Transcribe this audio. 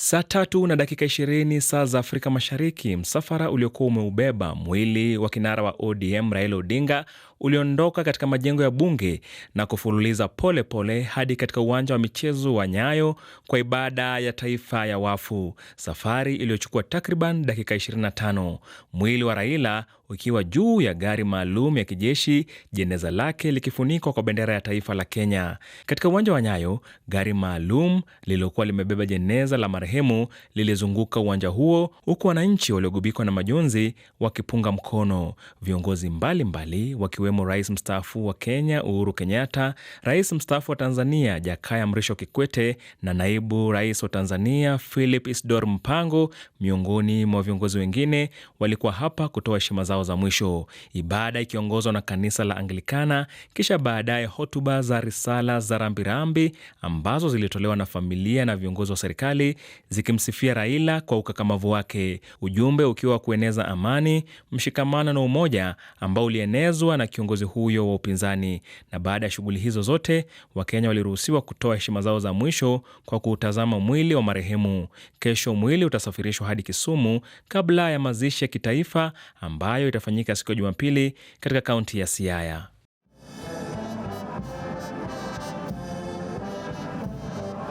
Saa tatu na dakika ishirini saa za Afrika Mashariki, msafara uliokuwa umeubeba mwili wa kinara wa ODM Raila Odinga uliondoka katika majengo ya bunge na kufululiza polepole hadi katika uwanja wa michezo wa Nyayo kwa ibada ya taifa ya wafu, safari iliyochukua takriban dakika 25. Mwili wa Raila ukiwa juu ya gari maalum ya kijeshi, jeneza lake likifunikwa kwa bendera ya taifa la Kenya. Katika uwanja wa Nyayo, gari maalum lililokuwa limebeba jeneza la marehemu lilizunguka uwanja huo, huku wananchi waliogubikwa na majonzi wakipunga mkono. Viongozi mbalimbali wakiwe akiwemo rais mstaafu wa Kenya Uhuru Kenyatta, rais mstaafu wa Tanzania Jakaya Mrisho Kikwete na naibu rais wa Tanzania Philip Isdor Mpango, miongoni mwa viongozi wengine, walikuwa hapa kutoa heshima zao za mwisho, ibada ikiongozwa na kanisa la Anglikana, kisha baadaye hotuba za risala za rambirambi ambazo zilitolewa na familia na viongozi wa serikali zikimsifia Raila kwa ukakamavu wake, ujumbe ukiwa wa kueneza amani, mshikamano na umoja ambao ulienezwa na kiongozi huyo wa upinzani. Na baada ya shughuli hizo zote, Wakenya waliruhusiwa kutoa heshima zao za mwisho kwa kuutazama mwili wa marehemu. Kesho mwili utasafirishwa hadi Kisumu kabla ya mazishi ya kitaifa ambayo itafanyika siku ya Jumapili katika kaunti ya Siaya.